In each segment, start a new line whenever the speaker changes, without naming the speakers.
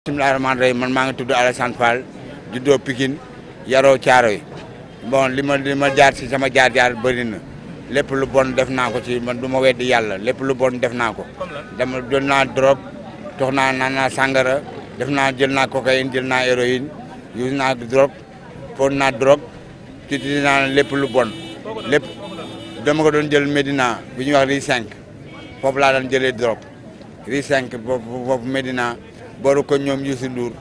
bismillahi rahmaani rahim man maa ngi tudd Alassane Fall juddoo Pikine yaroo Thiaroye bon li ma li ma jaar ci sama jaar-jaar bëri na lépp lu bon def naa ko ci man du ma weddi yàlla lépp lu bon def naa ko dama jël naa drogue tox naa na naa sàngara def naa jël naa cocaïne jël naa héroïne use naa drogue fóon naa drogue tuuti naa lépp lu bon lépp ko doon jël Médina bu ñuy wax Rue cinq foofu laa daan jëlee drogue Rue 5 boobu boobu boru ko ñoom Youssou Ndour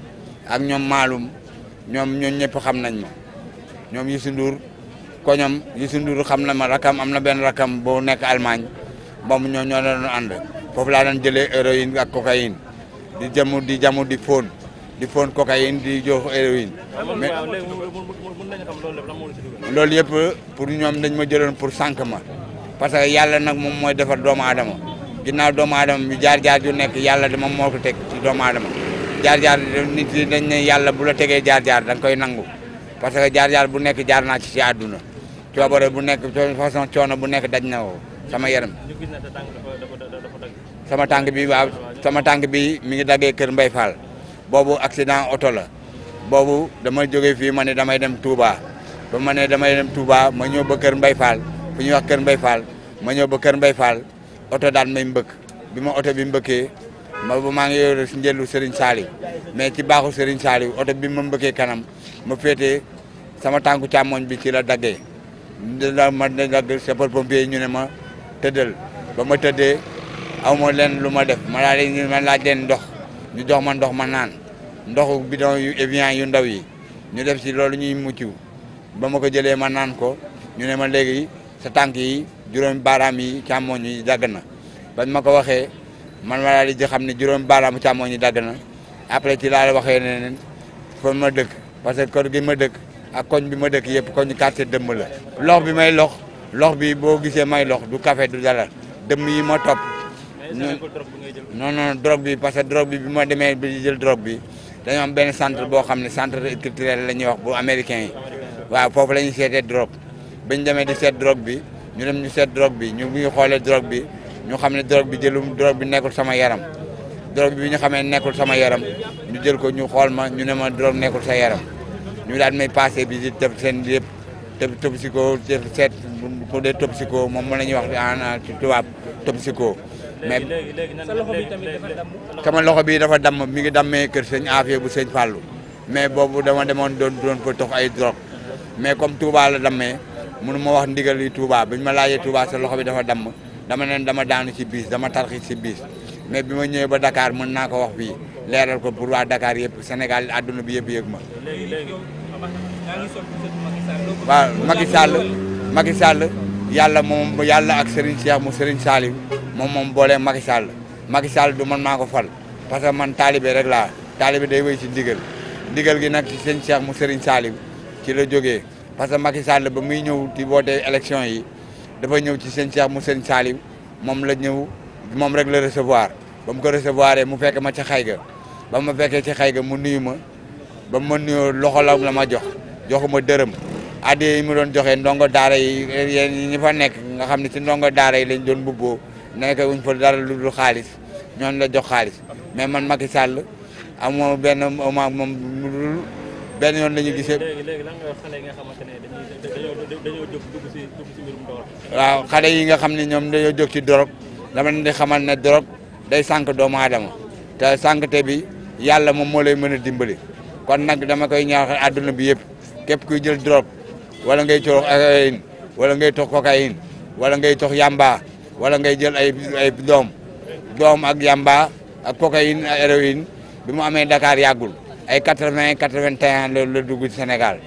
ak ñoom Maalum ñoom ñun ñëpp xam nañ ma ñoom Youssou Ndour koñam Youssou Ndour xam na ma rakam am na benn rakam boo nekk Allemagne moom ñoo ñoo doon ànd foofu laa doon jëlee héroïne ak cocaïne di jamu di jamu di fóon di fóon cocaïne di jox héroïne mais loolu yëpp pour ñoom dañ ma jëloon pour sànq ma parce que yàlla nag moom mooy defar doomu aadama ginnaaw doomu aadama bi jaar jaar ju nekk yàlla dama moo ko teg ci doomu jaar jaar nit dañ ne yàlla bu la tegee jaar jaar da koy nangu parce que jaar jaar bu nekk jaar naa ci si àdduna coobare bu nekk façon coono bu nekk daj na woo sama yaram. sama tànk bi waaw sama tànk bi mi ngi daggee Kër Mbay faal boobu accident oto la boobu dama jógee fi ma ne damay dem Touba ba ma ne damay Touba ma ñëw ba Kër Mbay Fall fu ñuy wax Kër Mbay Fall ba Kër Mbay Fall. oto daan may mbëkk bi ma oto bi mbëkkee ma ba maa ngi yore si njëllu Serigne Saliou mais ci baaxu Serigne Saliou oto bi ma mbëkkee kanam ma féetee sama tànku càmmoñ bi ci la daggee la ma dagg sapeur pompier ñu ne ma tëddal ba ma tëddee aw ma leen lu ma def ma laa leen ma laaj leen ndox ñu jox ma ndox ma naan ndoxu bidon yu Evian yu ndaw yi ñu def si loolu ñuy mucc ba ma ko jëlee ma naan ko ñu ne ma léegi sa tànk yi juróomi baaraam yi càmmoñ yi dagg na bañ ma ko waxee man ma daal di xam ne juróomi baaraamu càmmoñ yi dagg na après ci laa la waxee ne kon ma dëkk parce que kër gi ma dëkk ak koñ bi ma dëkk yëpp koñ quartier dëmm la. lox bi may lox lox bi boo gisee may lox du café du dara dëmm yi ma topp. non non drogue bi parce bi bi demee bi jël drogue bi dañoo am benn centre boo xam ne centre la ñuy wax bu américain yi foofu la seetee drogue bi di seet drogue bi. ñu dem ñu seet drogue bi ñu bu ñu xoolee drogue bi ñu xam ne drogue bi jëlum drogue bi nekkul sama yaram drogue bi ñu xam ne nekkul sama yaram ñu jël ko ñu xool ma ñu ne ma drogue nekkul sa yaram ñu daan may passé bi di def seen yëpp te toxico seet pour des toxico moom moom la ñuy wax en ci tubaab toxico. mais sa loxo bi dafa damm. sama mi ngi dammee kër sëñ Afia bu sëñ fàllu mais boobu dama demoon doon doon fa tox ay drogue mais comme Touba la dammee. mënu ma wax ndigal li Touba bi ñu ma laajee Touba sa loxo bi dafa damm dama neen dama daanu ci biis dama tarxi ci biis mais bi ma ñëwee ba dakaar mën naa ko wax fii leeral ko pour waa Dakar yëpp Sénégal àdduna bi yëpp yëg ma. waaw Macky Sall Macky Sall yàlla moom yàlla ak Serigne Cheikh mu Serigne Saliou moom moom boolee Macky Sall Macky Sall du man maa ko fal parce que man taalibe rek laa taalibe day way si ndigal ndigal gi nag ci Serigne Cheikh mu Serigne Saliou ci la jógee. parce que Macky Sall ba muy ñëw di woote élection yi dafa ñëw ci sëñ Cheikh mu seen Saliou moom la ñëw moom rek la recevoir ba mu ko recevoir mu fekk ma ci xayga ba ma fekkee ci xayga mu nuyu ma ba mu ma nuyoo loxo la ma jox joxuma dërëm addiya yi mu doon joxe ndongo daara yi yéen ñi fa nekk nga xam ne si ndongo daara yi lañ doon mbubboo nekk wuñ fa dara lu dul xaalis ñooñu la jox xaalis mais man Macky Sall amoo benn moment moom benn yoon la ñu gisee. léegi léegi lan nga nga xamante ne waaw xale yi nga xam ne ñoom dañoo jóg ci dorog dama leen di xamal ne dorog day sànq doomu aadama te sànqte bi yàlla moom moo lay mën a dimbali kon nag dama koy ñaax àdduna bi yëpp képp kuy jël drop wala ngay tox cocaïne wala ngay tox cocaïne wala ngay tox yamba wala ngay jël ay ay doom doom ak yamba ak cocaïne ak héroïne bi mu amee Dakar yàggul. ay quatre vingt quatre vingt et un la la dugg Sénégal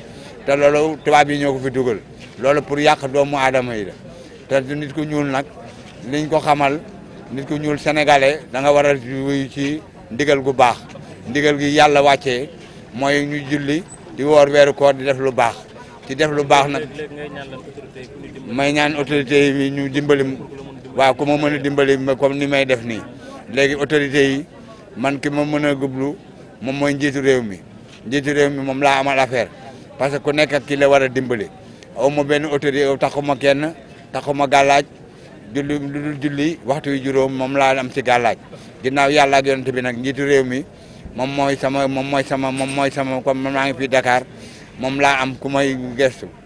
te loolu tubaab yi ñoo ko fi dugal loolu pour yàq doomu aadama yi la te nit ku ñuul nag liñ ko xamal nit ku ñuul sénégalais da nga war ci ndigal gu baax ndigal gi yàlla wàccee mooy ñu julli di woor weeru koor di def lu baax ci def lu baax nag ma ñaan autorité yi ñu dimbali waaw ku ma mën a dimbali comme ni may def nii léegi autorité yi man ki ma mën a gublu moom mooy njiitu réew mi njiitu réew mi moom laa amal affaire parce que ku nekk ak ki la war a dimbali aw ma benn autorité taxuma kenn taxuma gàllaaj julli lu dul julli waxtu yu juróom moom laa am si gàllaaj ginnaaw yàlla ak yonent bi nag njiitu réew mi moom mooy sama moom mooy sama moom mooy sama comme maa ngi fi dakaar moom laa am ku may gestu